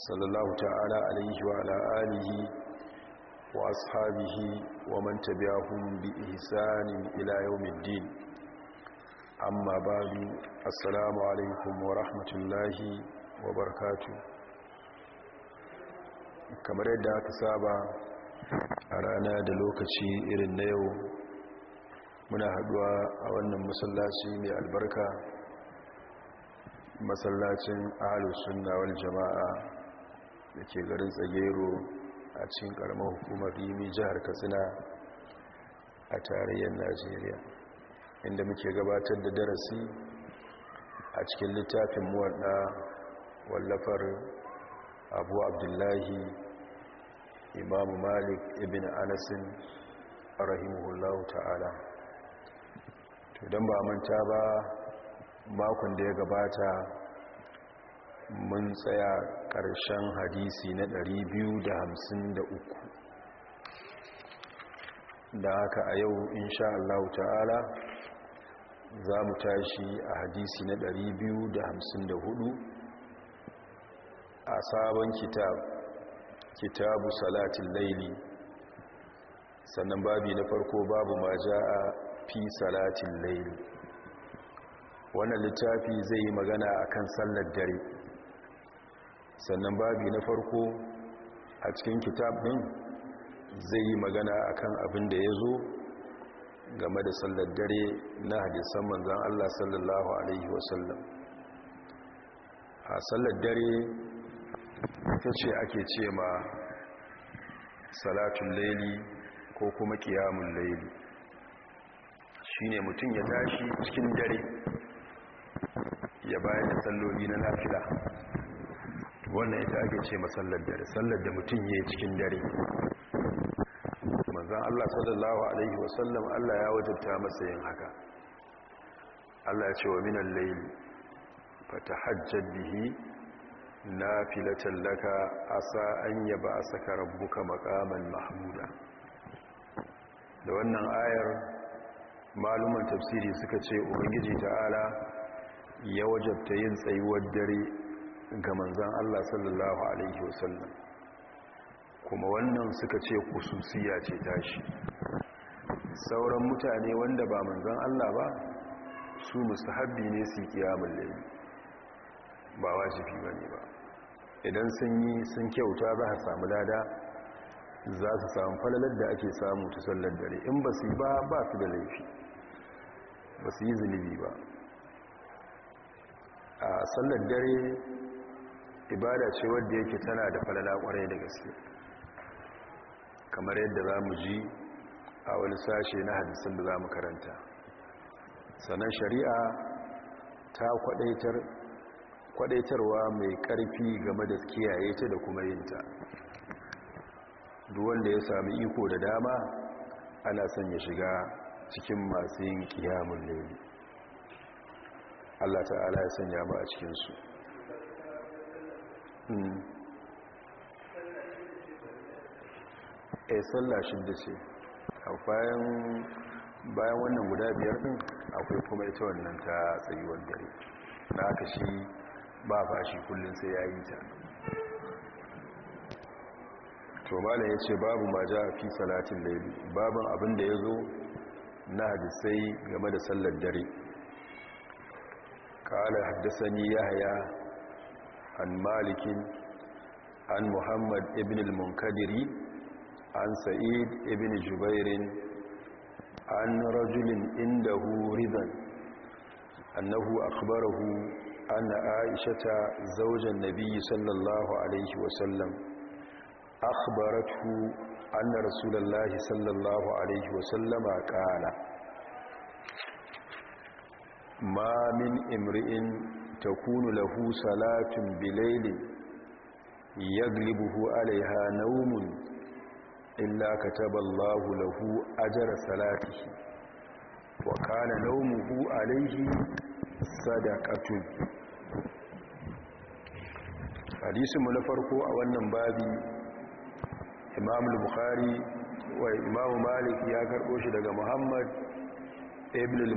sallallahu ta'ala alaihi wa ala alihi wa ashabihi wa man tabi'ahum bi ihsanin ila din, amma ba'du assalamu alaikum wa rahmatullahi wa barakatuh kamar yadda aka saba a rana da lokaci irin na yau muna haduwa a wannan masallaci mai albarka masallacin ahalussunna wal jama'a da ke garin tsagero a cikin karamar hukumar rimi jihar katsina a tarayyar najeriya inda muke gabatar da darasi a cikin littafin muwadda wallafar abu abdullahi imamu malik ibn anasin rahimahullahu ta'ala to don ba manta ba makon da ya gabata mun tsaya ƙarshen hadisi na 253 da haka a yau insha Allah ta'ala za mu tashi a hadisi na 254 a sabon kitab kitabu salatin laili sannan babi na farko babu ma a fi salatin laili wannan littafi zai yi magana a kan sallar dare sannan babi na farko a cikin kitab ɗin zai yi magana akan abin da ya zo game da sallar dare na hadisan manzan Allah sallallahu Alaihi wasallam a sallar dare ta ce ake ce ma salatun laili ko kuma kiyamun laili shi ne mutum ya tashi cikin dare ya bayan da salloli na lafiya wannan ita ake ce masallar dare sallar da mutum ya yi cikin dare manzan Allah sallallahu Alaihi wasallam Allah ya wajabta masa yin haka Allah ya ce wa minan laili fata hajjar bihi na filatan laka a sa'an ba a saka rabbuka makaman mahmuda da wannan ayar maluman tafsiri suka ce ubangiji ta'ala ya wajabta yin tsayuwar dare ga manzan Allah sallallahu alaihi wasallam kuma wannan suka ce kususiya ce tashi sauran mutane wanda ba manzan Allah ba su mustahabbi ne su yi kiyamun laifi. ba wajibi bane ba idan sun yi sun kyauta za a samu lada za su samu falalar da ake samu ta sallar dare in ba su yi ba ba su da laifi ba su yi zunubi ba a sallar dare ibada ce wadda yake tana da falala kwarai da gaske kamar yadda za mu ji a wani sashe na hadisun da za mu karanta sannan shari'a ta kwadaitarwa mai karfi game da kiyaye ta da kuma yinta duk wanda ya sami iko da dama ana son ya shiga cikin masu yin kiyamun lele Allah ta'ala ya sanya ba a cikinsu Eh, a sallah da ce bayan wannan guda biyar din akwai kuma ita wannan ta tsayuwar dare na aka shi ba fashi kullum sai ya yi ta to malam ya ce babu ma ja fi salatin laili babin abin da ya zo na hadisai game da sallar dare ni ya haya. an malikin an muhammad ibn al-munkadiri an sa'id ibn jubairin an rajulin hu ridan annahu akbarahu anna aishata zaujan nabiyyi sallallahu alaihi wasallam akhbarathu anna rasulullahi sallallahu alaihi wasallama qala ma min imri'in takunu lahu salatun bilailin yaglibuhu alaiha naumun illa kataba Allahu lahu ajra salatihi wa kana naumuhu alaihi sadaqatun hadisi mu na farko a wannan babi imam al-bukhari wa imam malik ya karɓo shi daga muhammad ibn al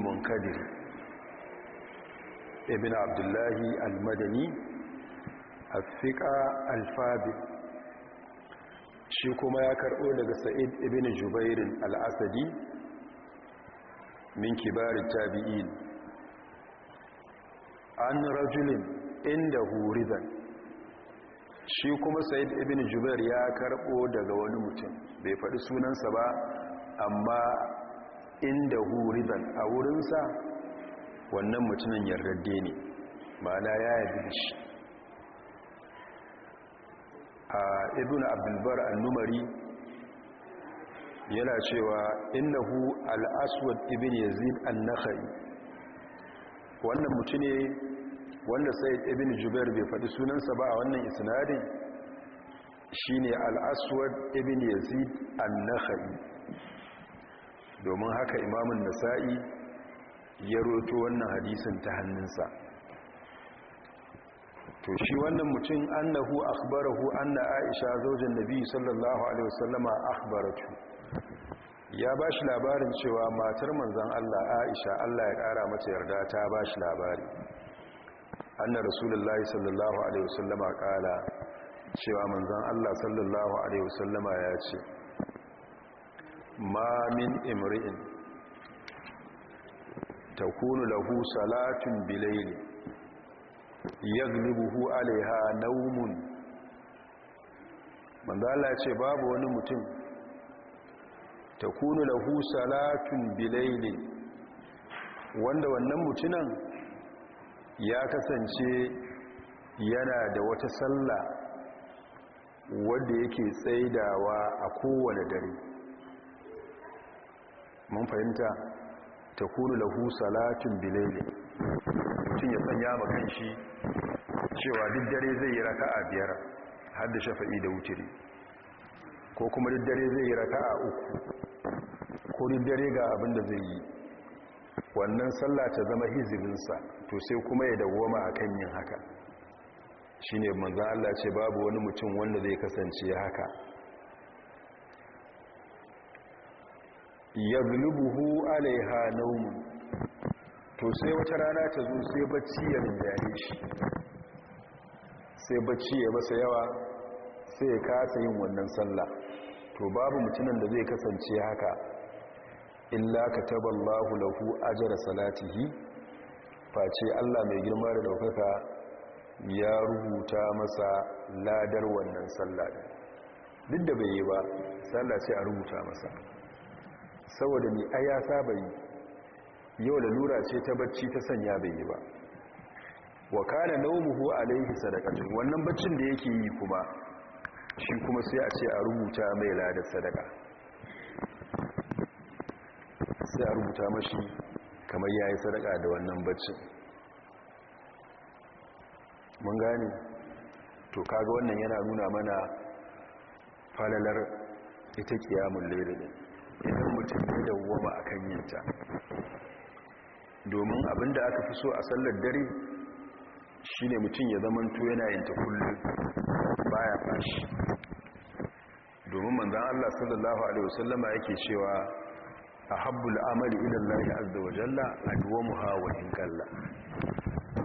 ibn abdullahi al-madani afiqa al-fabi shi kuma ya karɓo daga sa'id ibn jubair al-asadi min kibar tabi'in an rajulin inda hurizan. shi kuma sa'id ibn jubair ya karɓo daga wani mutum bai faɗi sunansa ba amma inda hurizan a wurinsa wannan mutumin yardadde ne ma'ana ya yarda da shi a ibn abdulbar al-numari yana cewa innahu al-aswad ibn yazid an-nakhai wannan mutum ne wanda sai ibn jubair bai faɗi sunansa ba a wannan isnadin shine al-aswad ibn yazid an-nakhai domin haka imamun nasa'i ya roto wannan hadisun ta hannunsa to shi wannan mutum annahu akhbarahu anna aisha zaujin nabi sallallahu alaihi wasallama akhbaratu ya ba shi labarin cewa matar manzan Allah aisha Allah ya kara mata yarda ta ba shi labari anna rasulullahi sallallahu alaihi wasallama kala cewa manzan Allah sallallahu alaihi wasallama ya ce ma min imri'in takunu lahu salatun bilayli yaglibuhu alaiha nawmun manzo Allah ya ce babu wani mutum takunu lahu salatun bilayli wanda wannan mutumin ya kasance yana da wata sallah wadda yake tsaidawa a kowane dare mun fahimta ta kuru lahu salatin bilele. mutum ya sanya ma shi. cewa duk dare zai yi raka a biyar har da shafa'i da wuturi ko kuma duk dare zai yi raka a uku ko duk dare ga abin da zai yi wannan sallah ta zama hizibinsa to sai kuma ya dawoma a kan yin haka shi ne manzan Allah ce babu wani mutum wanda zai kasance haka yaglubuhu alaiha naumu. to sai wata rana ta zo sai bacci ya rinjaye shi sai bacci ya masa yawa sai ya kasa yin wannan sallah to babu mutumin da zai kasance haka illa kataballahu lahu ajra salatihi face Allah mai girma da daukaka ya rubuta masa ladar wannan sallah duk da bai yi ba sallah sai a rubuta masa saboda mai a ya saba yi yau lalura ce ta bacci ta sanya bai yi ba wa kana naumuhu alaihi tun wannan baccin da yake yi kuma shi kuma sai a ce a rubuta mai ladar sadaka sai a rubuta mashi kamar ya yi sadaka da wannan baccin mun gane to kaga wannan yana nuna mana falalar ita kiyamun lailin mutum ya ba a kan yinta domin abinda aka fi so a sallar dare shi ne mutum ya zamanto yana yinta kullum baya fashi domin manzan Allah sallallahu Alaihi wasallama yake cewa a habbul amali ilallahi azza wa jalla a duwamuha wa kalla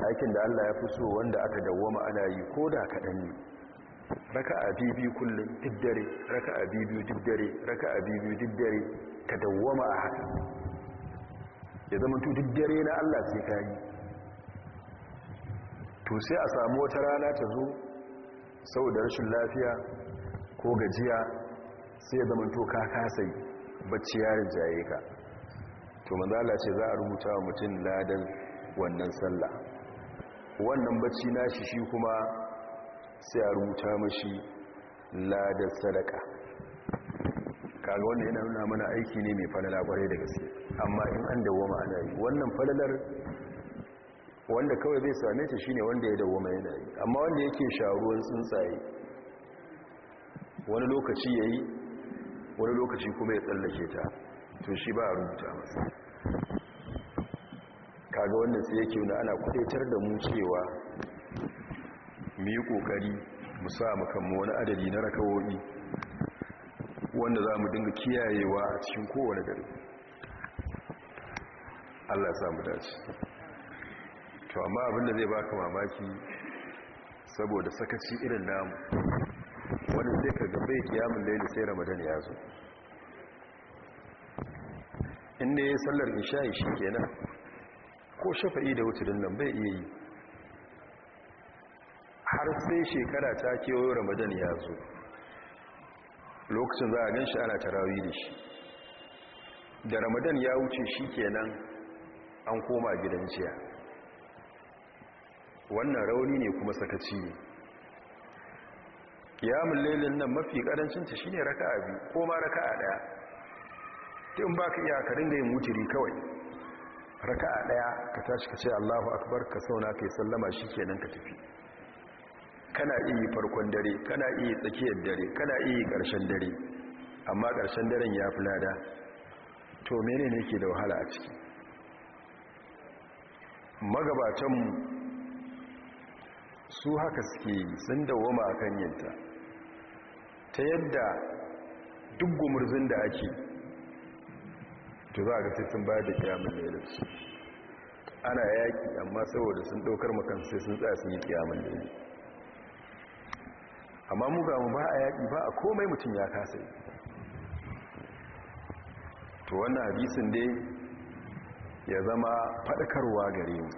aikin da Allah ya fi so wanda aka dawwama ana yi ko da kaɗan ne raka a bibi kullum duk dare raka a bibi duk dare raka a bibi duk dare ka dawwama a haka ya zama duk dare na Allah sai ka yi to sai a samu wata rana ta zo saboda rashin lafiya ko gajiya sai ya zama to ka kasai bacci yarin jaye ka to manzala ce za a rubuta wa mutum ladan wannan sallah wannan bacci na shi shi kuma sai a rubuta mashi ladan sadaka kaga wannan yana nuna mana aiki ne mai falala kwarai da gaske amma in an dawoma ana yi wannan falalar wanda kawai zai same ta shine wanda ya dawoma yana yi amma wanda yake sharuwan tsuntsaye wani lokaci yayi wani lokaci kuma ya tsallake ta to shi ba a rubuta masa kaga wannan sai yake wani ana kudaitar da mu cewa mu yi kokari mu sa mu kan wani adadi na rakawoyi wanda za mu dinga kiyayewa a cikin kowane gari allah sa mu dace to amma abinda zai baka mamaki saboda sakaci irin namu wani zai ka gabe kiyamun da sai ramadan ya zo inda ya sallar isha'i shi kenan ko shafa'i da wuturin nan bai iya yi har sai shekara ta kewayo ramadan ya zo lokacin za a gan shi ana tarawi da shi da ramadan ya wuce shi kenan an koma gidan jiya wannan rauni ne kuma sakaci ne kiyamun lailin nan mafi karancinta shi ne raka abi ko ma raka a daya tun ba ka iya karin da yin wuturi kawai raka a daya ka tashi ka ce allahu akbar ka sauna ka yi sallama shi kenan ka tafi kana iya farkon dare kana iya tsakiyar dare kana iya ƙarshen dare amma ƙarshen daren ya fi lada to mene ne ke da wahala a ciki magabatanmu su haka suke yi sun dawoma a kan ta yadda duk gumurzin da ake to za a ga sun bayar da kiyamun lailarsu ana yaki, amma saboda sun ɗaukar makan sai sun tsaye sun yi da lailarsu amma mu ga mu ba a yaƙi ba a komai mutum ya kasa yi to wannan hadisin dai ya zama faɗakarwa gare mu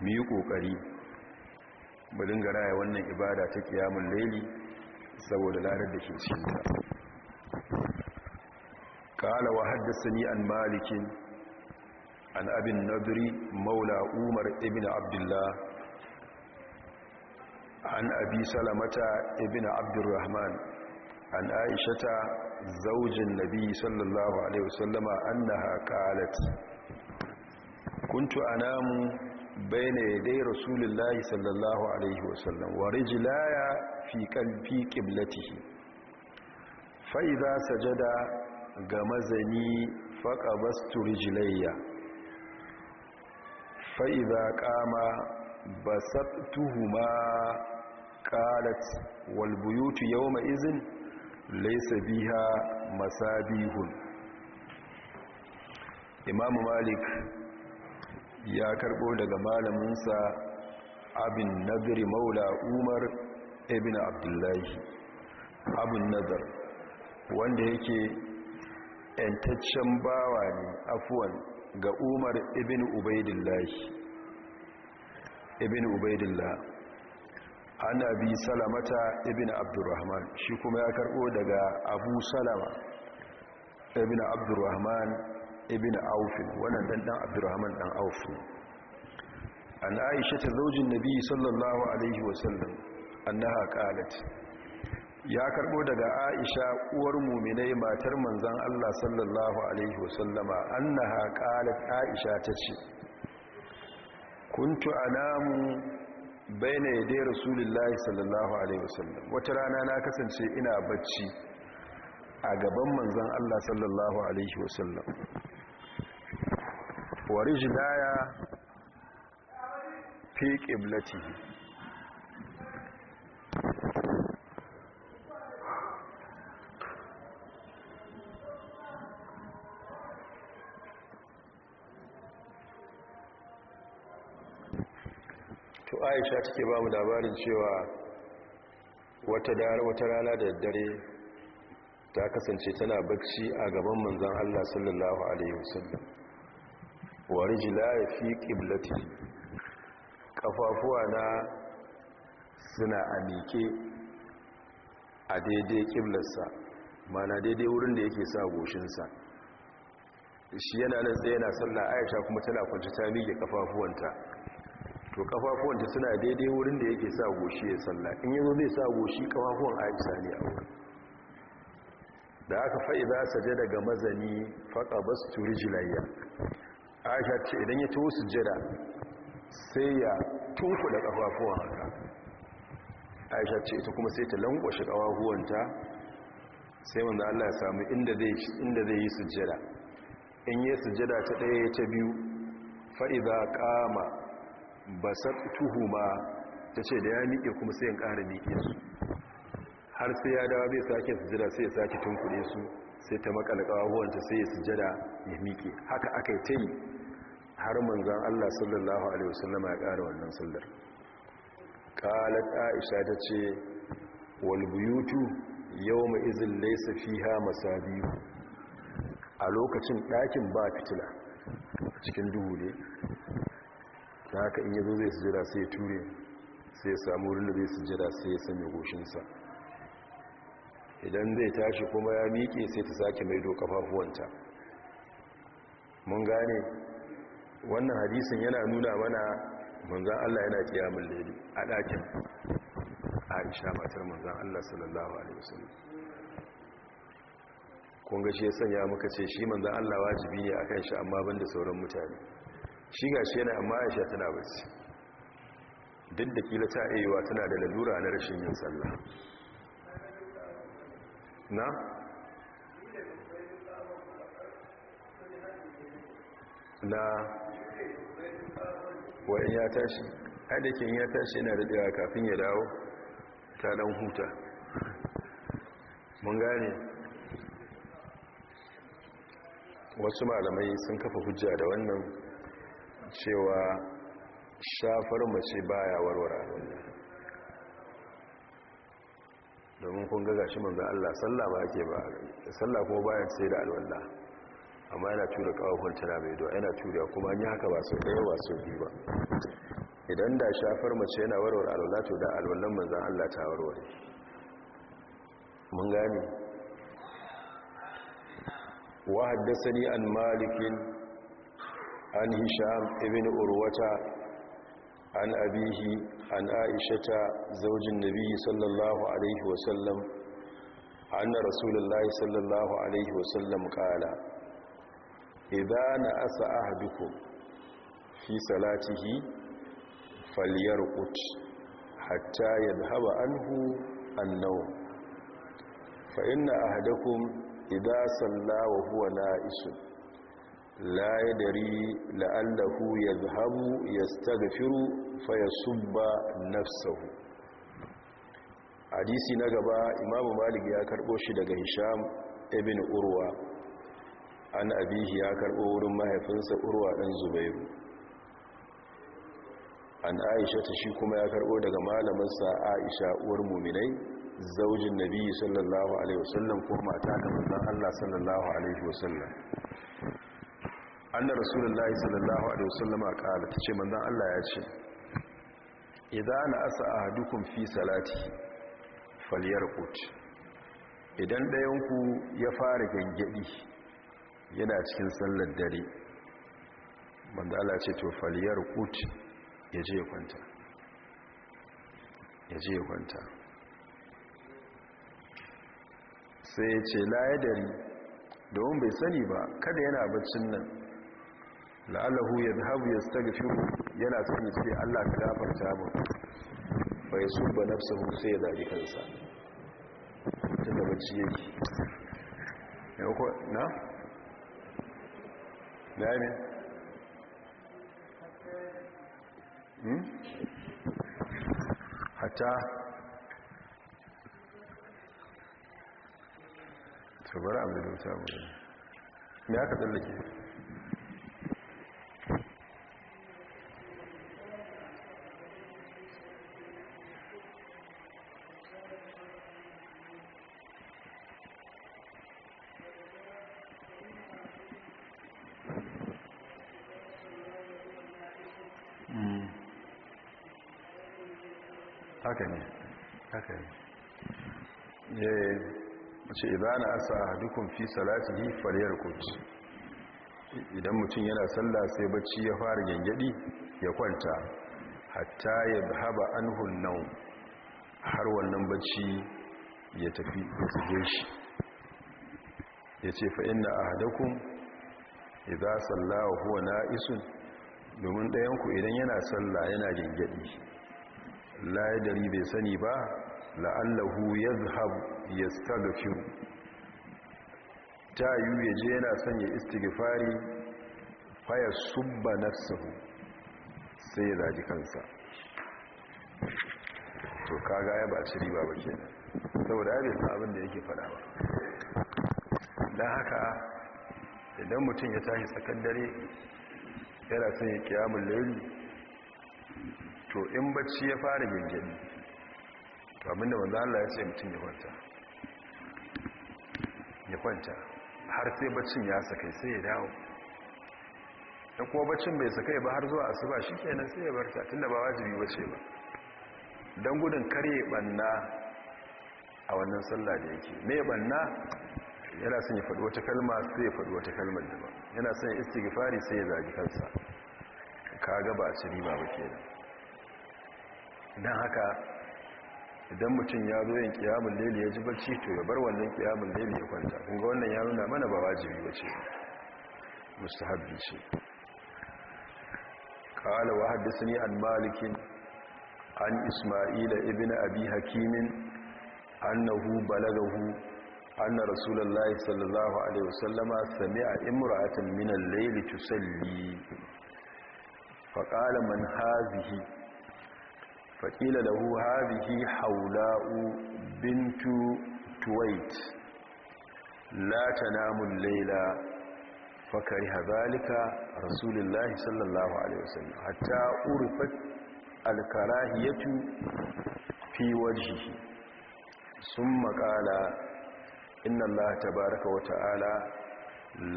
mu yi ƙoƙari mu dinga raya wannan ibada ta kiyamun laili saboda larar da ke ƙala wa haddasa ni an malikin an abin مولى Maula, Umar, ibn Abdullahi. an abi salamata ibn abdurrahman an aishata zaujin nabi sallallahu alaihi wasallama annaha qalat kuntu anamu bayna yaday rasulillahi sallallahu alaihi wasallam wa rijlaya fi qalbi qiblatihi fa idha sajada gamazani faqabastu rijlayya fa idha qama basattuhuma qalat wal buyutu yawma izin laysa biha masabihun imam malik ya karɓo daga malaminsa abin nadri maula umar ibn abdullahi abin nadar wanda yake yantaccen bawa ne afuwan ga umar ibn ubaidillahi ibn an bi salamata ibn abdurrahman shi kuma ya karbo daga abu salama ibn abdurrahman ibn aufin wannan dan dan abdurrahman dan aufin an aisha ta zaujin nabi sallallahu alaihi wasallam annaha qalat ya karbo daga aisha uwar muminai matar manzon Allah sallallahu alaihi wasallama annaha qalat aisha tace kuntu anamu ya dai, rasulullahi sallallahu alaihi wasallam wata rana na kasance ina bacci a gaban manzan Allah sallallahu alaihi wasallam wa rijlaya fi qiblatihi aisha take ba mu labarin cewa wata rana da dare ta kasance tana barci a gaban manzan Allah sallallahu alaihi wasallam wa ya fi qiblati kafafuwa na suna a miƙe a daidai kiblarsa mana daidai wurin da yake sa goshinsa shi yana nan tsaye na sallah aisha kuma tana kwanci ta miƙe ƙafafuwanta. to kafafuwan ta suna daidai wurin da yake sa goshi ya salla in yanzu zai sa goshi kafafuwan aisha ne a wurin da aka fa'iza saje daga mazani turi jilayya a aisha ce idan ya su sujjada sai ya da kafafuwan haka aisha ce ita kuma sai ta lankwashe kafafuwanta sai wanda Allah ya samu inda zai yi su yi in yi sujjada ta ɗaya ta biyu fa'iza kama ta ce da ya miƙe kuma sai ya ƙara miƙe su har sai ya dawo bai sake sujada sai ya sake tun tunkuɗe su sai ta makala ƙawahuwanta sai ya sujada ya miƙe haka aka yi ta yi har manzan Allah sallallahu alaihi wasallama ya ƙara wannan sallar qalat aisha ce, wal buyutu ma izin laisa fiha biyu a lokacin ɗakin ba fitila cikin duhu ne ta haka in yazo zai sujada sai ya ture sai ya samu wurin da zai sujada sai ya sanya goshinsa idan zai tashi kuma ya miƙe sai ta sake maido kafafuwanta mun gane wannan hadisin yana nuna mana manzan Allah yana kiyamun lele a ɗakin aisha matar manzan Allah sallallahu alaihi wasallam kun ga shi ya sanya muka ce shi manzan Allah wajibi ne akan shi amma banda sauran mutane shi ga shi yana amma aisha tana bacci duk da kila ta aiwa tana da lalura na rashin yin sallah na? na wa'in ya tashi adikin ya tashi yana daɗewa kafin ya dawo ta ɗan huta mun gane wasu malamai sun kafa hujja da wannan cewa shafar mace baya warware wannan domin kun ga gashi manzo Allah sallah ba ake ba sallah kuma bayan sai da alwala amma yana tura kawafin tana mai do yana tura kuma an yi haka ba sau ɗaya ba sau biyu ba idan da shafar mace yana warware alwala to da alwalan manzo Allah ta warware mun gane wa ni an malikin an hisham ibn urwata an abihi an aishata zaujin nabi sallallahu alaihi wasallam anna rasulullahi sallallahu alaihi wasallam kala idana asa ahadukum fi salatihi falyarqut hatta yadhhaba anhu an-nawm fa inna ahadakum idha salla wa huwa na'isun la yadari la'allahu yazhabu yastaghfiru fa yasubba nafsahu hadisi na gaba imamu malik ya karɓo shi daga hisham ibin urwa an abihi ya karɓo wurin mahaifinsa urwa dan zubairu an aisha shi kuma ya karɓo daga malaminsa aisha uwar muminai zaujin nabi sallallahu alaihi wasallam ko mata da manzon Allah sallallahu alaihi wasallam annar rasulullahi sallallahu alaihi wasallama kala ta ce manzan Allah ya ce idan na asa a hadukun fi salati faliyar kut idan ɗayanku ya fara gangadi yana cikin sallar dare manzan Allah ce to faliyar kut ya je ya kwanta ya je ya kwanta sai ce la ya dari domin bai sani ba kada yana baccin nan la'allahu ya yadhhabu yastaghfiru yana sani ya ce Allah ka gafarta mu fa yasubba nafsuhu sai ya dadi kansa tunda bacci yake yauko na hmm? da ne hatta tubar abin da ta mu ne ya ka tsallake ce na asa dukun fi salatihi Kudu, idan mutum yana sallah sai bacci ya fara gangadi ya kwanta hatta ya haba anhu naum har wannan bacci ya tafi ya shi yace fa inna ahadakum idza salla wa huwa na'isun domin ɗayanku idan yana sallah yana gangadi la bai sani ba la'allahu yadhhabu Ya yastaghfiru ta yi ya je yana son ya istighfari faya subba sahu sai ya zaji kansa to kaga ya ba ci riba ba kenan saboda ya bai san abin da yake faɗa ba don haka idan mutum ya tashi tsakan dare yana son ya kiyamun lori to in bacci ya fara gingini abinda wanda Allah ya ce mutum ya kwanta ya kwanta har sai baccin ya sakai sai ya dawo da kuma baccin bai sakai ba har zuwa asuba shi kenan sai ya barta tunda ba wajibi bace ba don gudun kare banna a wannan sallah da yake me banna yana son ya faɗi wata kalma sai ya faɗi wata kalmar da ba yana son ya istighfari sai ya zagi kansa ka ga ba a ci ba ba kenan don haka idan mutum ya zo yin kiyamun laili ya ji bacci to ya bar wannan kiyamun laili ya kwanta kun ga wannan ya nuna mana ba wajibi ba ce mustahabbi ce qala wa haddathani an malikin an isma'ila ibn abi hakimin annahu balagahu anna rasulullahi sallallahu alaihi wasallama sami'a imra'atan min al-layli tusalli faqala man hazihi faƙila da hu haɗihi haula'u bintu tuwait la ta namun laila fakari hazalika rasulullahi sallallahu alaihi wasallam hatta urfat alkarahiyatu fi wajihi sun maƙala inna allaha tabaraka wa ta'ala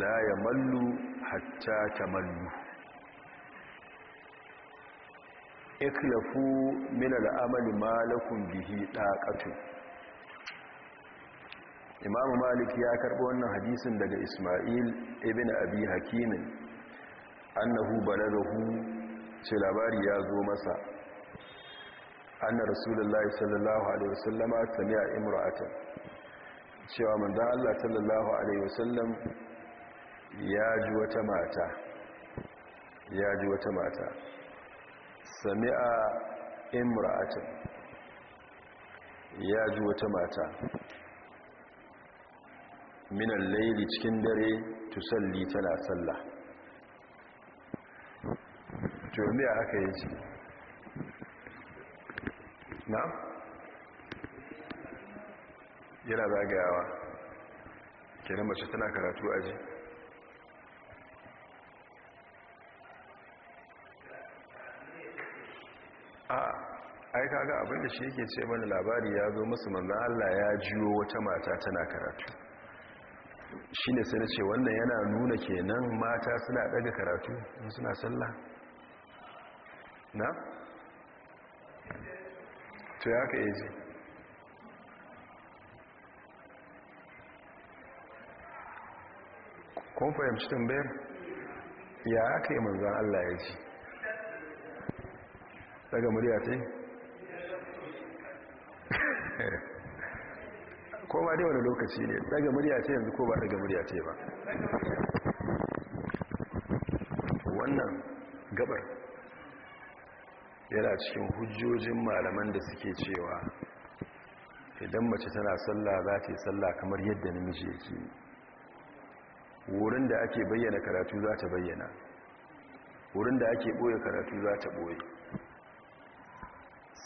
la mallu, hatta mallu. iklafu min amali malakun bihi ɗaƙatu imam malik ya karɓi wannan hadisin daga ismail ibn abi hakimin annahu balagahu ce labari ya zo masa anna rasulullahi sallallahu alaihi wasallama sami'a imra'atan cewa manzon Allah sallallahu alaihi wasallam ya ji wata mata ya ji wata mata sami'a imra'atin ya ji wata mata minan laili cikin dare tusalli tana sallah To a haka yi ce na? yana zagayawa kenan mace tana karatu aji ai kaga abin da shi yake ce mana labari ya zo musu manzan Allah ya jiyo wata mata tana karatu shi ne sai na ce wannan yana nuna kenan mata suna daga karatu suna sallah na? to ya ka eji kun fahimci tambayar ya aka yi manzan Allah ya ji daga murya ta yi ko ba dai wani lokaci ne daga murya ce yanzu ko ba daga murya ce ba wannan gabar yana cikin hujjojin malaman da suke cewa idan mace tana sallah za ta yi sallah kamar yadda namiji yake wurin da ake bayyana karatu za ta bayyana wurin da ake ɓoye karatu za ta ɓoye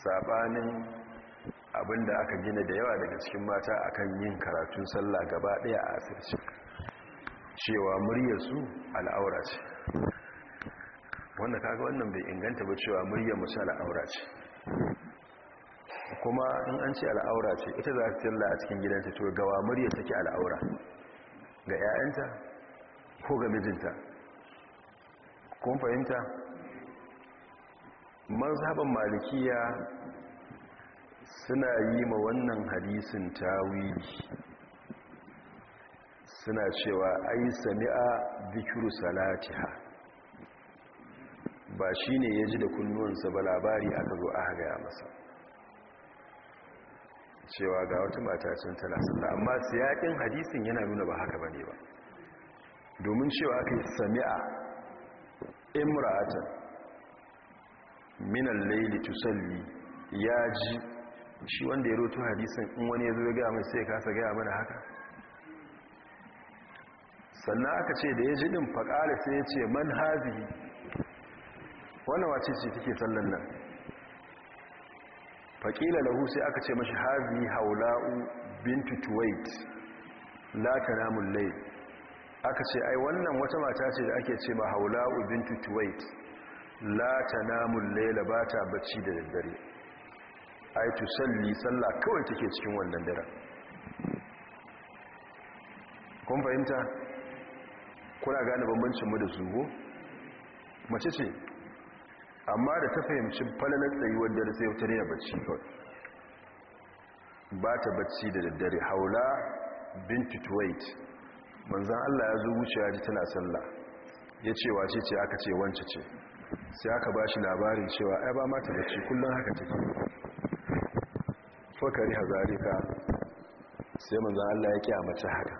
saɓanin abinda aka gina da yawa daga cikin mata akan yin karatun sallah gaba daya a asirci cewa muryarsu al'aura ce wanda kaga wannan bai inganta ba cewa muryar musu al'aura ce kuma in an ce al'aura ce ita za ta tilla a cikin gidanta to gawa muryar take al'aura ga 'ya'yanta ko ga mijinta kun fahimta mazhaban malikiya suna yi ma wannan hadisin tawili suna cewa ai sami'a dhikru salatiha ba shine yaji ji da kunnuwansa ba labari aka zo aka ga masa cewa ga wata mata sun tana sallah amma siyakin hadisin yana nuna ba haka bane ba domin cewa aka yi sami'a imra'atan min al-layli tusalli ya ji shi wanda ya roto hadisun in wani ya zo ya gaya mai sai kasa gaya mana haka sannan aka ce da ya ji ɗin faƙari sai ya ce man hazi wani wace ce take sallan nan faƙila lahu sai aka ce mashi hazi haula'u bintu tuwait la ta namun lai aka ce ai wannan wata mata ce da ake ce ma haula'u bintu tuwait la ta namun lai ba ta bacci da daddare ai tusalli sallah kawai take cikin wannan daren kun fahimta kuna gane mu da zuwo mace ce amma da ta fahimci falalar tsayuwar dare sai wuta ne bacci kawai ba ta bacci da daddare haula binti tuwait manzan allah ya zo wuce ya ji tana sallah ya ce wace ce aka ce wance ce sai aka ba shi labarin cewa ya ba mata bacci kullum haka take fakari hazarika sai manzan Allah ya kyamace haka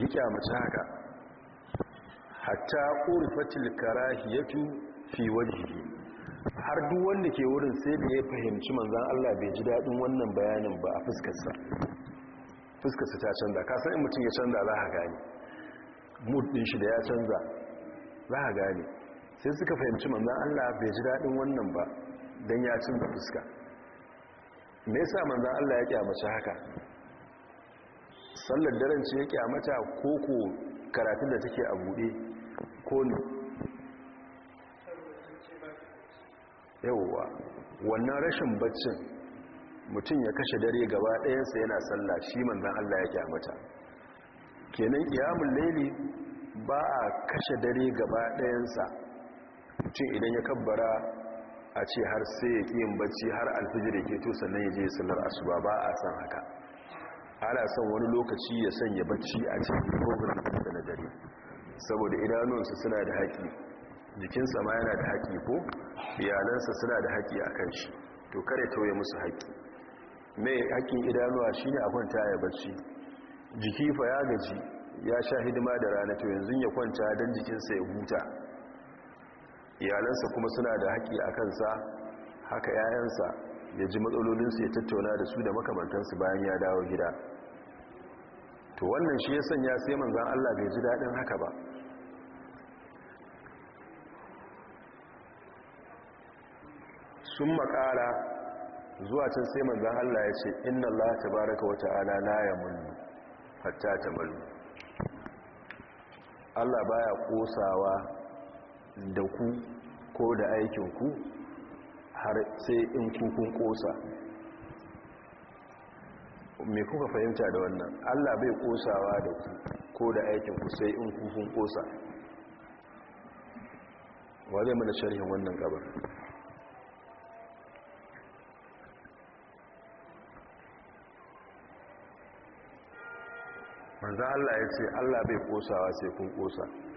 ya kyamace haka hatta ƙurifatil karahiyatu fi wajhi har duk wanda ke wurin sai da ya fahimci manzan Allah bai ji daɗin wannan bayanin ba a fuskarsa fuskarsa ta canza kasan in mutum ya canza za a gane mudin shi da ya canza za a gane sai suka fahimci manzan Allah bai ji daɗin wannan ba don ya cin da fuska me yasa manzan Allah ya kyamace haka sallar daren ce ya kyamata ko ko karatun da take a buɗe ko ne yawwa wannan rashin baccin mutum ya kashe dare gaba ɗayansa yana sallah shi manzan Allah ya kyamata kenan kiyamun laili ba a kashe dare gaba ɗayansa mutum idan ya kabbara a ce har sai ya ƙi bacci har alfijir ya to sannan ya je sallar asuba ba a san haka ana son wani lokaci ya sanya bacci a cikin program da na dare saboda idanunsa suna da haƙi jikinsa ma yana da haƙi ko iyalansa suna da haƙi a kan shi to kare tauye musu haƙi mai haƙin idanuwa shi ne a kwanta ya bacci jiki fa ya gaji ya sha hidima da rana to yanzu ya kwanta don jikinsa ya huta iyalansa kuma suna da haƙƙi a kansa haka 'ya'yansa ya ji matsalolinsu ya tattauna da su da makamantansu bayan ya dawo gida to wannan shi ya sanya sai manzan Allah bai ji daɗin haka ba sun makara zuwa can sai manzan Allah ya ce inna Allah ta baraka wata ala ya hatta ta mulu Allah baya ƙosawa. da ku ko da aikinku har sai in kukun kosa me kuka fahimta da wannan allah bai kosawa da ku ko da aikinku sai in kukun kosa wa zai mana sharhin wannan gabar manzan allah ya ce allah bai kosawa sai kun kosa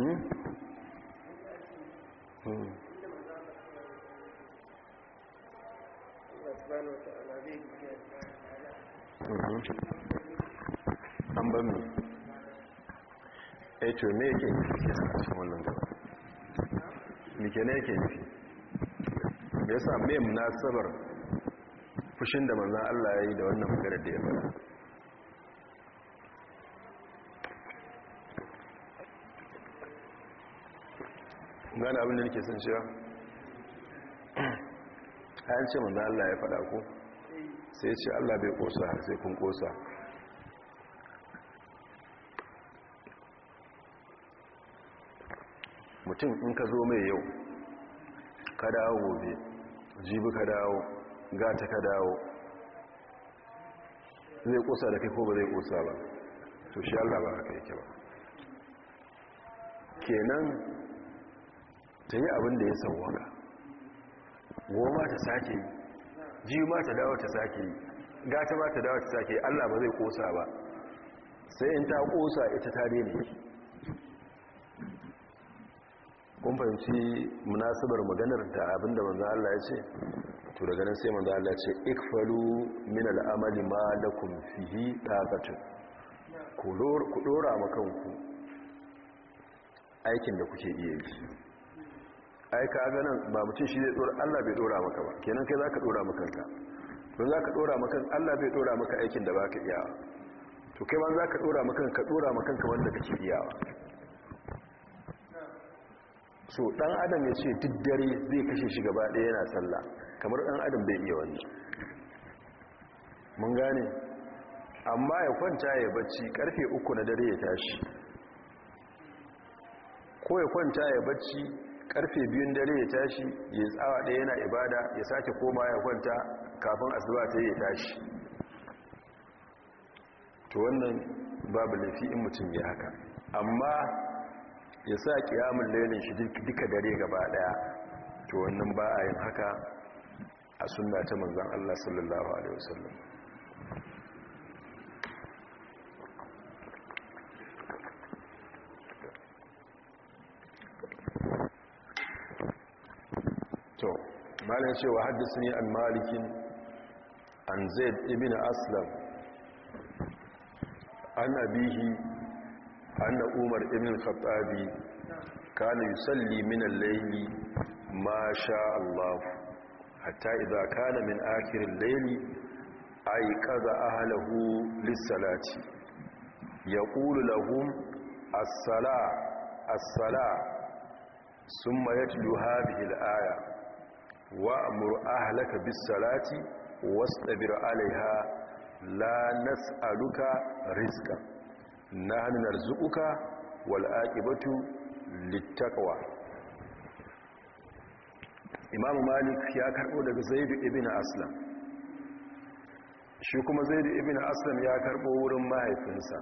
Hmm? Hmm. Hmm. an ban mu eto eh me yake nufi a cikin wannan gaba nike ne yake nufi da ya same munasabar fushin da manzan Allah ya yi da wannan maganar da ya fara gane abin da nake son cewa hayan ce manzan Allah ya faɗa ko sai ce Allah bai kosa sai kun kosa mutum in ka zo mai yau ka dawo gobe jibi ka dawo gata ka dawo zai kosa da kai ko ba zai kosa ba to shi Allah ba ka yake ba kenan ta yi abin da ya sauwaka goma ta sake yi jiyu ma ta dawo ta sake gata ma ta dawo ta sake allah ba zai kosa ba sai in ta kosa ita ta daina kun fahimci munasabar maganar da abin da manzan allah ya ce to daga nan sai manzan allah ya ce ikfalu min al'amali ma lakum fihi takatun ku dora makanku aikin da kuke iya yi ai ka ga nan ba mutum shi zai dora Allah bai dora maka ba kenan kai zaka dora maka kanka don zaka dora maka Allah bai dora maka aikin da baka iya to kai ma zaka dora maka ka dora maka kanka wanda kake iyawa so dan adam ya ce duk dare zai kashe shi gaba ɗaya yana sallah kamar dan adam bai iya wannan mun gane amma ya kwanta ya bacci karfe uku na dare ya tashi ko ya kwanta ya bacci karfe biyun dare ya tashi ya tsawa ɗaya yana ibada ya sake koma ya kwanta kafin asuba ta ya tashi to wannan babu laifi in mutum ya haka amma ya sa kiyamun lailin shi duka dare gaba ɗaya to wannan ba a yin haka a sunna ta manzan Allah sallallahu alaihi wasallam malam cewa haddisa ne an malikin an zai ibn aslam an abihi an na umar ibn khattabi kana yusalli min al-layli ma sha hatta idza kana min akhir al-layli ay qaza ahlihu salati yaqulu lahum as asala sun mayar ثم يتلو هذه الآية wa ahalaka ahlaka bis salati wastabir alaiha la nas'aluka na nahnu narzuquka wal aqibatu littaqwa imam malik ya karɓo daga Zaidu ibn aslam shi kuma Zaidu ibn aslam ya karɓo wurin mahaifinsa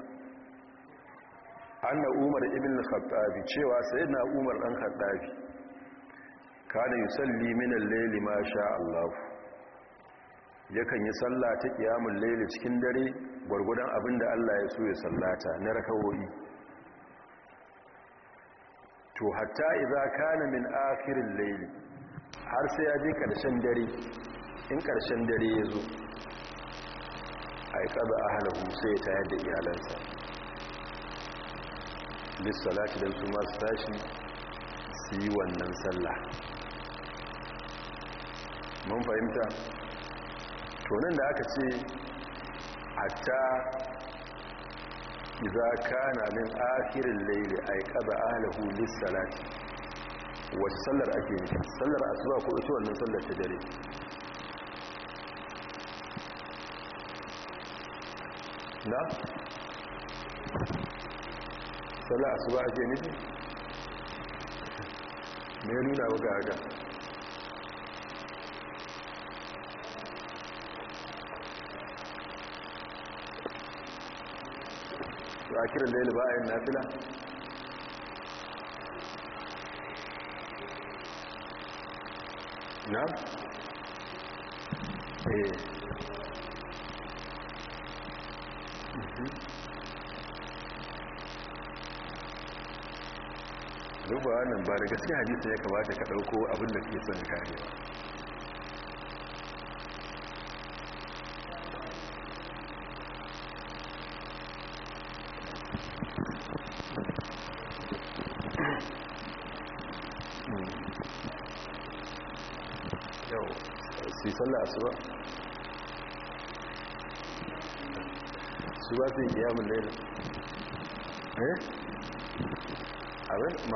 na umar ibn al-khattabi cewa na umar ɗan khattabi kana yusalli salli minan laili, ma sha Allah yakan yi sallah ta ƙiyamin laili cikin dare abin da Allah ya so ya sallata na rakawoyi to hatta iza kana min akhiril laili. har sai ya je karshen dare in karshen dare ya zo ai kada ahalahu sai ya tayar da iyalansa lissalati don su masu tashi su yi wannan sallah mun fahimta tonin da aka ce a za ka na min akhirin layli ay qada ahlihu lis-salati wasu sallar ake nufi sallar asuba ko ito wannan sallar ta dare na sallar asuba ake nufi ne nuna ga haka kiran laili ba a yin nafila na? eh mhm. wannan ba da gaske hadisun ya kamata ka ɗauko abinda ke son karewa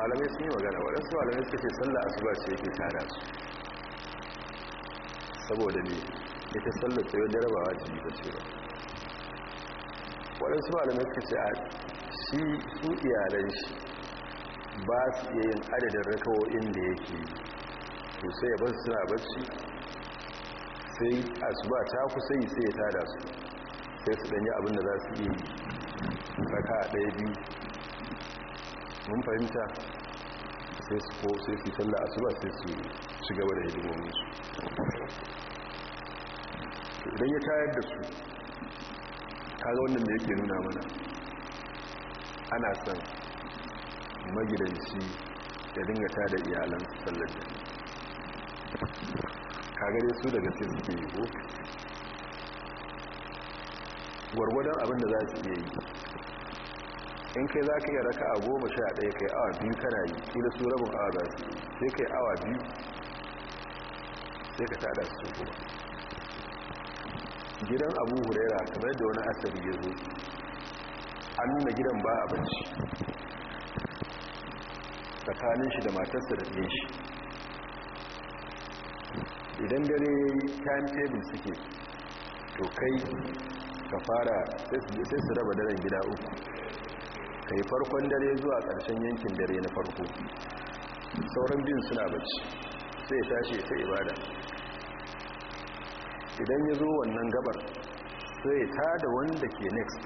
malamai sun yi magana waɗansu malamai suka ce sallah asuba ce yake tada su saboda ne ita sallar tsaye jarabawa ce ta ce ba waɗansu malamai suke ce a shi su iyalai shi ba su iya yin adadin rakawo'in da yake yi to sai ya bar suna bacci sai asuba ta kusa yi sai ya tada su sai su ɗanyi abin da za su iya yi tsaka ɗaya biyu mun fahimta sai su ko sai su sallah asuba sai su ci gaba da hidimomin su idan ya tayar da su kaga wannan da yake nuna mana ana son magidanci ya dinga ta da iyalan sallar da ka gare su daga sai suke yi ko gwargwadon abinda za su iya yi in kai za ka yi raka a goma sha ɗaya kai awa biyu kana yi kila su rabin awa za su sai kai awa biyu sai ka tada su kuma gidan abu hurera kamar da wani asali ya zo an nuna gidan ba abinci tsakanin shi da matarsa da ɗin shi idan dare ya time table suke to kai ka fara sai su raba daren gida uku kai farkon dare zuwa ƙarshen yankin dare na farko sauran bin suna bacci sai ya tashi ta ibada idan ya zo wannan gabar sai ya tada wanda ke next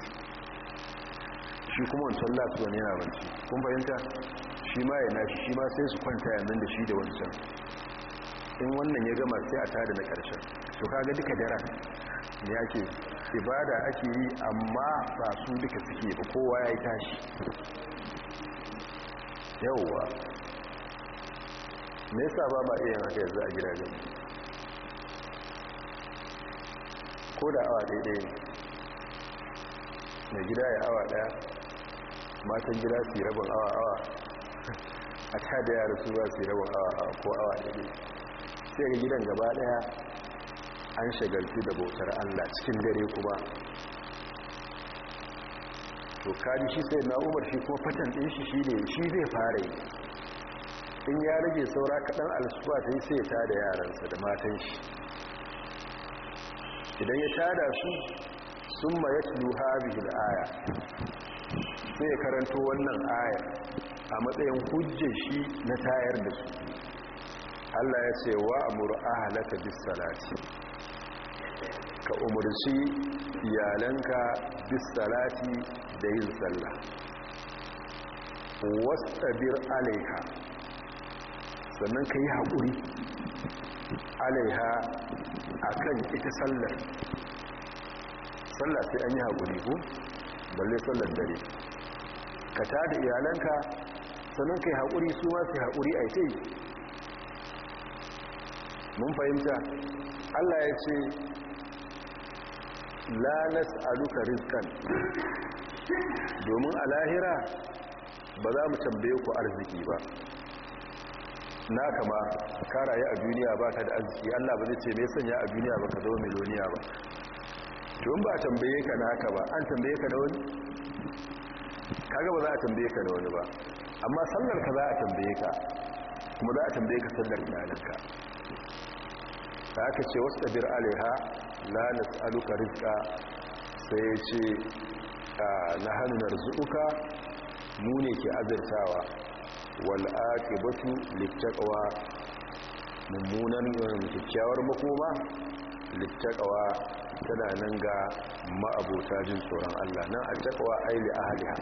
shi kuma wancan last wani yana bacci kun fahimta shi ma yana shi shi ma sai su kwanta yannan da shi da wancan in wannan ya gama sai a tada na ƙarshen su kaga duka daren ya ke ibada ake yi amma ba su duka suke ba kowa ya yi tashi yauwa me yasa ba ma iya haka yanzu a gidajen ko da awa daidai mai gida ya awa daya matan gida su yi rabin awa awa a ta da yara su ba su yi rabin awa awa ko awa daidai sai ga gidan gaba daya an shagaltu da bautar Allah cikin dare kuma to kaji shi sai na umar shi ko fatan ɗin shi shi ne shi zai fara yi in ya rage saura kaɗan alisuwa ta yi sai ta da yaransa da matan shi idan ya tada su sun ma ya tudu habihin aya sai karanto wannan Aya a matsayin hujjar shi na tayar da su Allah ya ce wa amuru ahalaka bisalati ka umarci iyalanka bis salati da yin sallah wastabir alaiha sannan ka yi haƙuri alaiha akan ita sallar Sallar sai an yi haƙuri ko balle sallar dare ka tada iyalanka sannan ka yi haƙuri su ma su haƙuri a ita mun fahimta allah ya ce la nas'aluka rizkan domin a lahira ba za mu tambaye ku arziki ba na kama karaye a duniya ba ka da arziki Allah ba zai ce me sanya a duniya ba ka zama miloniya ba tun ba tambaye ka ka ba an tambaye ka da wani kaga ba za a tambaye ka da wani ba amma sallar ka za a tambaye ka kuma za a tambaye ka sallar iyalanka da aka ce wasu tabir alaiha la nas'aluka rizqa sai ya ce na hannun zuuka mu ne ke azirtawa wal aqibatu littaqwa mummunan kyakkyawar makoma littaqwa tana nan ga ma'abota jin tsoron Allah nan a taqwa aili ahliha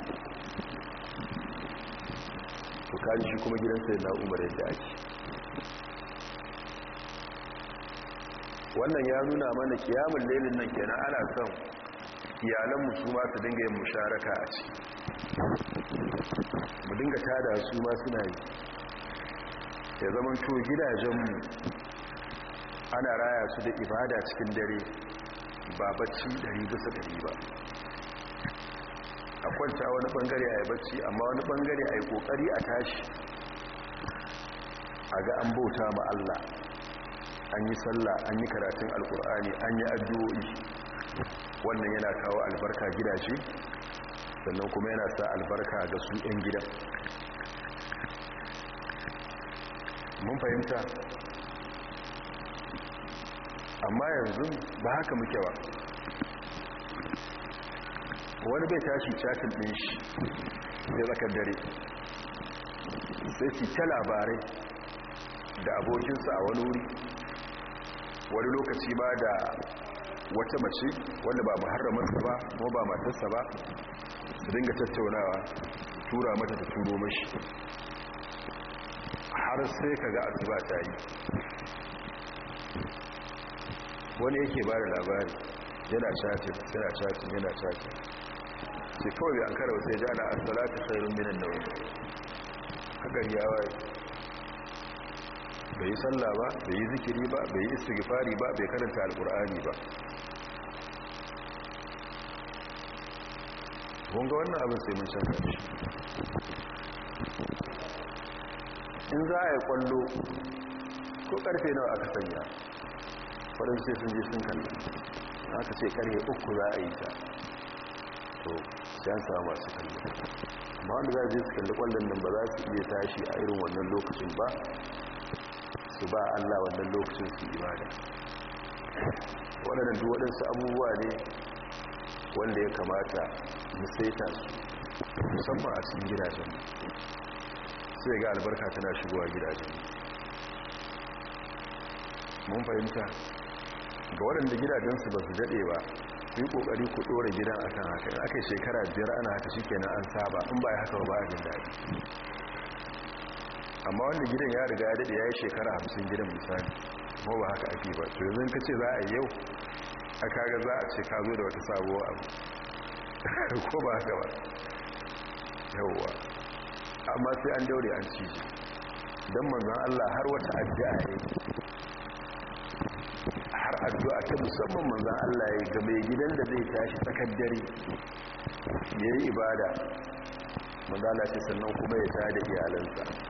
to shi kuma gidan sai na umar yadda ake wannan ya nuna mana kiyamun lailin nan kenan ana son iyalan su ma su dinga yin musharaka a ci mu dinga tada su ma suna yi ya zama to gidajenmu ana raya su da ibada cikin dare ba bacci dari bisa dari ba a kwanta wani bangare a yi bacci amma wani bangare a yi kokari a tashi a ga an bauta ma Allah an yi sallah an yi karatun alkur'ani an yi addu'o'i wannan yana kawo albarka gidaje sannan kuma yana sa albarka ga su 'yan gidan mun fahimta amma yanzu ba haka muke ba wani bai tashi cakin ɗin shi zai tsakar dare sai su ta labarai da abokinsa a wani wuri wani lokaci ba da wata mace wanda ba muharramarsa ba kuma ba matarsa ba su dinga tattaunawa tura mata ta turo mashi har sai ka ga asuba ta yi wani yake ba da labari yana shafi yana shafi yana shafi sai kawai an karawa sai jana asalata shayarun minan nauyi hakan ya waye bai yi sallah ba bai yi zikiri ba bai yi istighfari ba bai karanta alkur'ani ba ga wannan abin sai mun canza shi in za a yi kwallo ko karfe nawa aka sanya waɗansu sai sun je sun kalli aka ce karfe uku za a yi ta to sai an samu masu kalli amma wanda za a je su kalli kwallon nan ba za su iya tashi a irin wannan lokacin ba su ba Allah wannan lokacin su ibada waɗannan waɗansu abubuwa ne wanda ya kamata mu saita su musamman a cikin gidajen sai ga albarka tana shigowa gidajen mun fahimta ga waɗanda gidajensu ba su daɗe ba su yi ƙoƙari ku ɗora gidan akan haka in aka shekara biyar ana haka shi kenan an saba in ba ya haka ba a jin daɗi amma wanda gidan ya riga ya daɗe ya yi shekara hamsin gidan misali ko ba haka ake ba to yanzu ka ce za a yau a kaga za a ce ka zo da wata sabuwa abu ko ba haka ba yauwa amma sai an daure an ci don manzan allah har wata addu'a ya har addu'a ta musamman manzan allah ya ga mai gidan da zai tashi tsakar dare ya yi ibada manzala ce sannan kuma ya tada iyalansa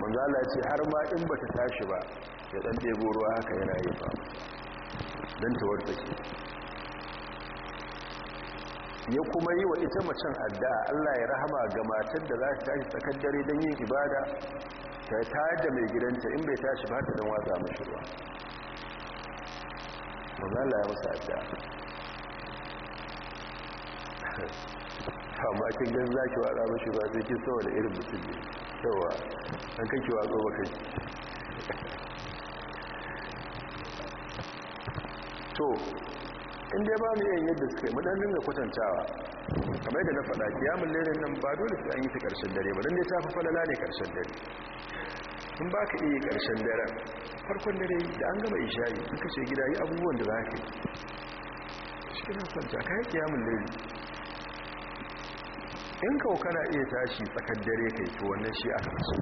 manzala ce har ma in ba ta tashi ba ya ɗan ɗebo ruwa haka yana yi ba don ta warta wartsake ya kuma yi wa ita macen addu'a Allah ya rahama ga matar da za su tashi tsakar dare don yin ibada ta tayar da mai gidanta in bai tashi ba ta don watsa mashi ruwa manzala ya masa addu'a amma cikin gan zaki watsa mashi ba sai kisa saboda irin mutum ne yawa an kake watsa baka kai to inda ba mu yin yadda suka yi da dinga kwatantawa kamar yadda na faɗa kiyamun lerin nan ba dole su an yi ta ƙarshen dare ba don dai ta fi falala ne ƙarshen dare sun ba ka iya ƙarshen daren farkon dare da an gama ishayi in ka ce gida yi abubuwan da za ka yi shi na kwanta ka yi kiyamun lerin in kawo kana iya tashi tsakar dare kai to wannan shi a kan su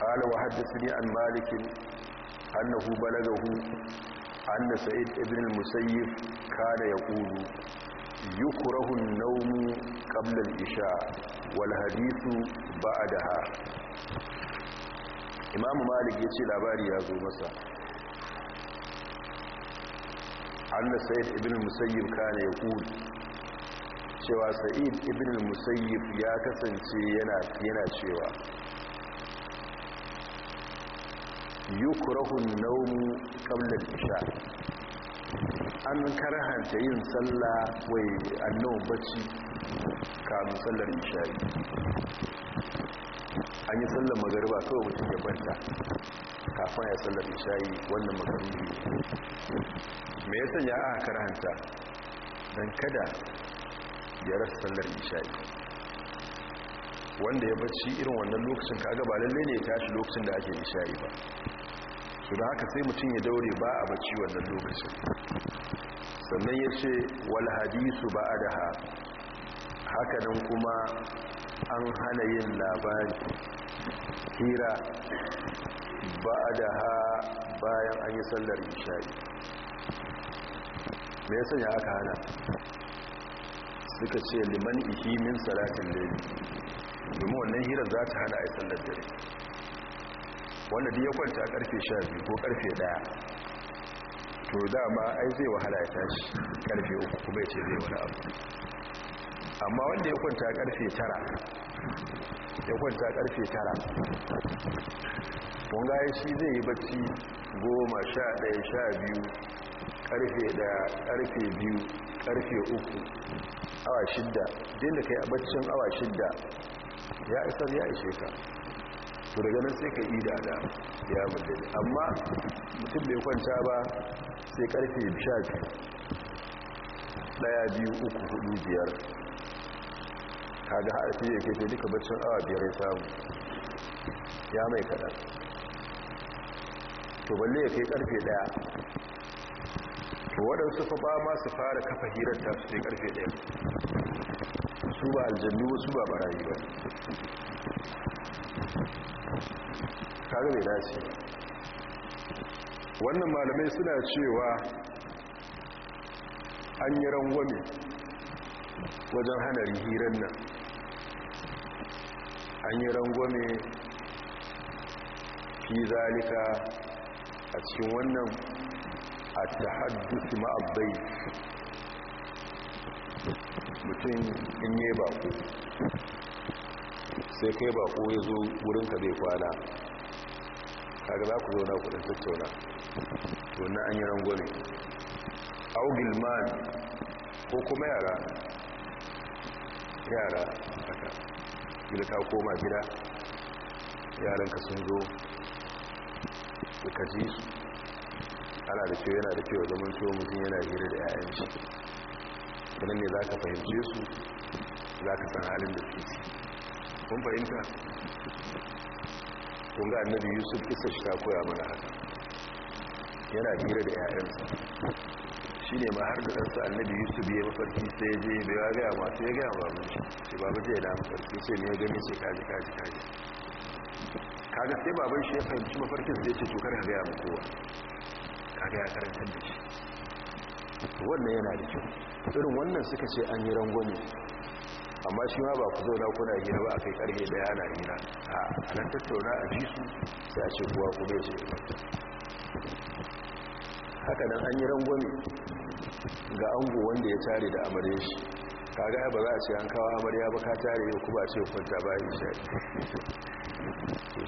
ƙala wa haddasa ne an malikin annahu balagahu anna sa'id ibn musayyif kana ya ƙuru yukurahun naumu ƙamlar isha wal hadisu ba a daha imamu malik ya ce labari ya zo masa annahu sa'id ibn musayyif kana ya ƙuru cewa sa'id ibn musayyib ya kasance yana yana cewa yukrahu an nawm qabla al-isha an karahanta yin sallah wai annaw bacci kafin sallar isha an yi sallar magariba kawai mutum ya kwanta kafin ya sallar isha wannan magaribi me yasa ya aka karhanta dan kada ya sallar isha'i wanda ya bacci irin wannan lokacin kaga ba lalle ne ya tashi lokacin da ake isha'i ba su da haka sai mutum ya daure ba a bacci wannan lokacin sannan ya ce wal hadisu ba a daha haka nan kuma an hana yin labari hira ba a daha bayan an yi sallar isha'i me ya sanya aka hana suka ce liman ihi min salatin layl domin wannan hirar za ta hana a yi sallar dare wanda da ya kwanta karfe 12 ko karfe 1 to dama ai zai wahala ya tashi karfe 3 kuma ya ce zai wani abu amma wanda ya kwanta karfe 9 ya kwanta karfe 9 kun ya shi zai yi bacci goma sha ɗaya sha biyu ƙarfe ɗaya ƙarfe biyu ƙarfe uku awa shidda din da ka yi baccin awa shidda ya isar ya ishe ka to daga nan sai ka yi da ya mullali amma mutum bai kwanta ba sai karfe 12 daya biyu uku hudu biyar kaga har sai ya kai duka baccin awa biyar ya samu ya mai kaɗan to balle ya kai karfe daya waɗansu fa ba ma su fara kafa hirar ta su sai karfe ɗaya su ba aljannu su ba barayi ba kaga mai dace wannan malamai suna cewa an yi rangwame wajen hana hirar nan an yi rangwame fi zalika a cikin wannan a tahaddusu ma'abbai mutum in yi baku sai kai bako ya zo wurin ka zai kwana kaga za ku zauna kudin tattauna wannan an yi augil man ko kuma yara yara haka gida ta koma gida yaranka sun zo da kaji. ana da kyau yana da kyau zaman so mutum yana hira da 'ya'yan shi sannan ne za ka fahimce su za ka san halin da suke kun fahimta kun ga annabi yusuf isa shi ta koya mana haka yana hira da 'ya'yansa shi ne ma har da ɗansa annabi yusuf ya mafarki sai je bai ya gaya masu ya gaya babu shi ba ba zai na mafarki sai ne ya gani sai kaji kaji kaji kaga sai baban shi ya fahimci mafarkin sai ce to ka gaya ma kowa kare ya karantar da shi wannan yana da kyau irin wannan suka ce an yi rangwame amma shi ma ba ku zauna kuna gina ba a kai karfe da yana gina a nan tattauna a ji su sai a ce kuwa ku bai ce haka nan an yi rangwame ga ango wanda ya tare da amare shi kaga ba za a ce an kawo amarya ba ka tare yau kuma ce kwanta bayan shi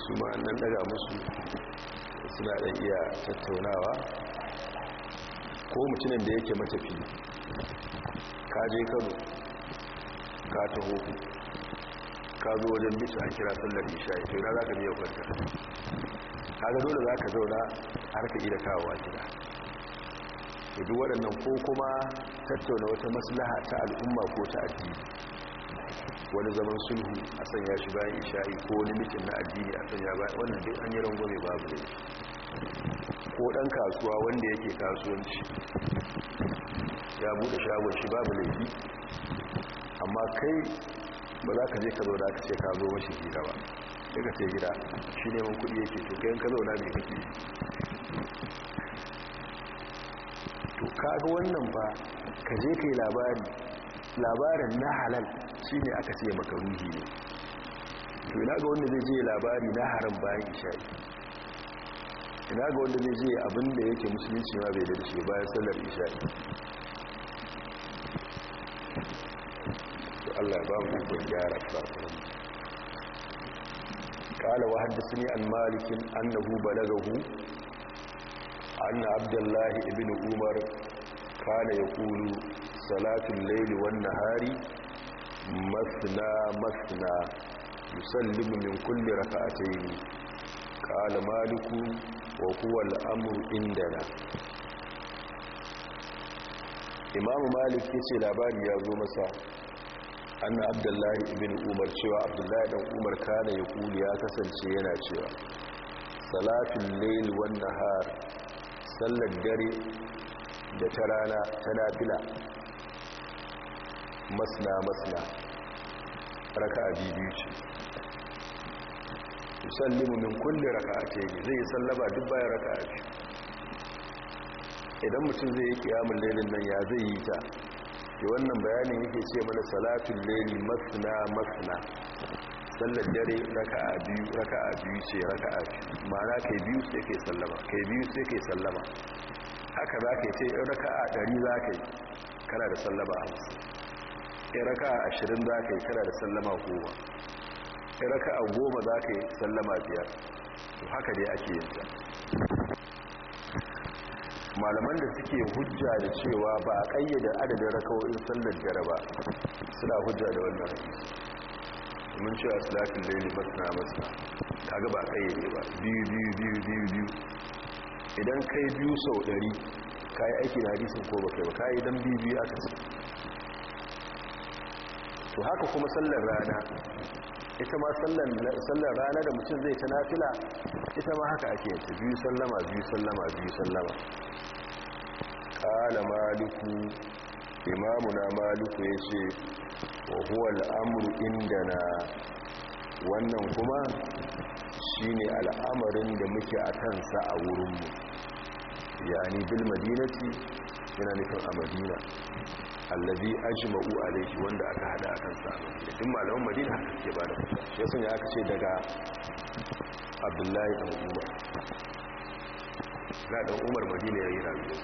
su ma nan daga musu suna da iya tattaunawa ko mutumin da yake matafi ka je kano ka taho ka zo wajen bisa an kira sallar isha ya tura za ka biya kwanta kaga dole za ka zauna har ka gida kawowa gida duk waɗannan ko kuma tattauna wata maslaha ta al'umma ko ta addini wani zaman sulhu a sanya shi bayan isha'i ko wani mitin na addini a sanya bayan wannan duk an yi rangwame babu da shi ko ɗan kasuwa wanda yake kasuwanci ya buɗe shagon shi babu laifi amma kai ba za ka je ka zauna ka ce ka zo mashi gida ba daga ce gida shi neman kuɗi yake ce kayan ka zauna mai kake to kaga wannan ba ka je ka yi labari labarin na halal shi ne aka ce makaruhi ne to ina ga wanda zai je labari na haram bayan isha'i ina ga wanda zai zai abin da yake musulunci ma bai da shi bayan sallar isha ne Allah ba mu kwan gyara fasirin kala wa haddasa ne an malikin annahu balagahu anna abdullahi ibn umar kana ya salatin laili wannan hari. Masina masina. Musallin min kulli raka'atayn kala maliku wa huwa al'amur indana imamu malik ya ce labari ya zo masa Ann abdullahi ibn umar cewa abdullahi dan umar kane ya kuli ya kasance yana cewa salatin layl wannan har. sallar dare da ta rana tana fila masna masna raka'a biyu ce yusallimu min kulli raka'atayn zai yi sallaba duk bayan raka'a idan mutum zai yi kiyamul lailin nan ya zai yi ta ke wannan bayanin yake ce mana salatul laili masna masna sallar dare raka'a biyu raka'a biyu ce raka'a ma'ana kai biyu sai kai sallama kai biyu sai kai sallama haka za ka yi ce in raka'a ɗari za ka yi kana da sallama hamsin in raka'a ashirin za ka yi kana da sallama goma raka a goma za ka yi sallama biyar haka dai ake yin ta malaman da suke hujja da cewa ba a ƙayyade adadin rakawoyin sallar dare ba suna hujja da wannan mun ce a salatin laili masana masana ta ba a ƙayyade ba biyu biyu biyu biyu biyu idan kai biyu sau dari, ka yi aiki da hadisun ko bakai ba ka yi don biyu biyu aka to haka kuma sallar rana ita ma sallar rana da mutum zai ta nafila ita ma haka ake yanta biyu sallama biyu sallama biyu sallama ƙala maluku na maluku ya ce wa huwa al'amuru inda na wannan kuma shi ne al'amarin da muke a kansa a wurinmu yani bil madinati yana nufin a madina allazi ajma'u alayhi wanda aka hada a kansa din malaman madina haka suke ba da fata shi sanya aka ce daga abdullahi ibn umar na dan umar madina ya yi rayuwa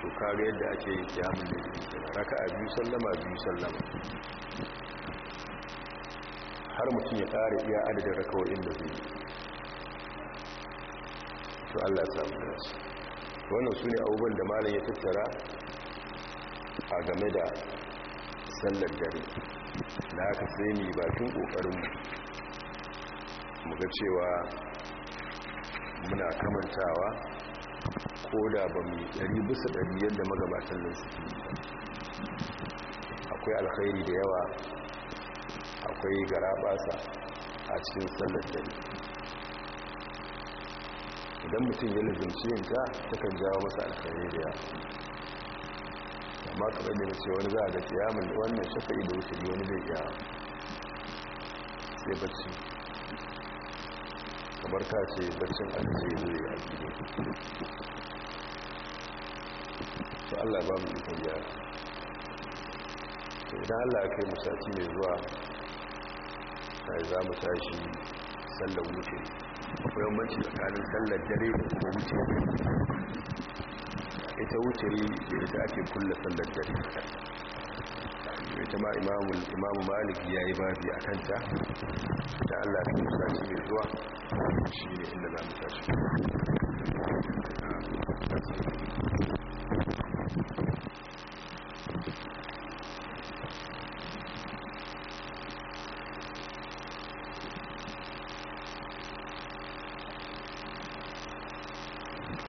to kare yadda ake yi kiyamun da yake raka a biyu sallama biyu sallama har mutum ya kare iya adadin rakawoyin da zai to Allah ya samu da su wannan su ne abubuwan da malam ya tattara a game da sallar dare na aka sai mu ba bakin ƙoƙarinmu mu ga cewa muna kamantawa ko da ba mu ɗari bisa ɗari yadda magabatan nan su akwai alkhairi da yawa akwai garaɓasa a cikin sallar dare idan mutum ya lizimci yinta takan jawo masa alkhairai da yawa amma kamar da na ce wani za a ga kiyamun wannan shafa'i da wuce wani bai yawa sai bacci kamar ka ce baccin alkhairai zai yi alkhairai allah ba mu ikon yara to idan allah mai zuwa sai za mu tashi sallar wuce akwai tsakanin sallar dare da kuma wuce ita wuce da ita ake kulle sallar dare ita ma imamu malik ya yi babi a kanta da allah ta kusa shi mai zuwa shi ne inda za mu tashi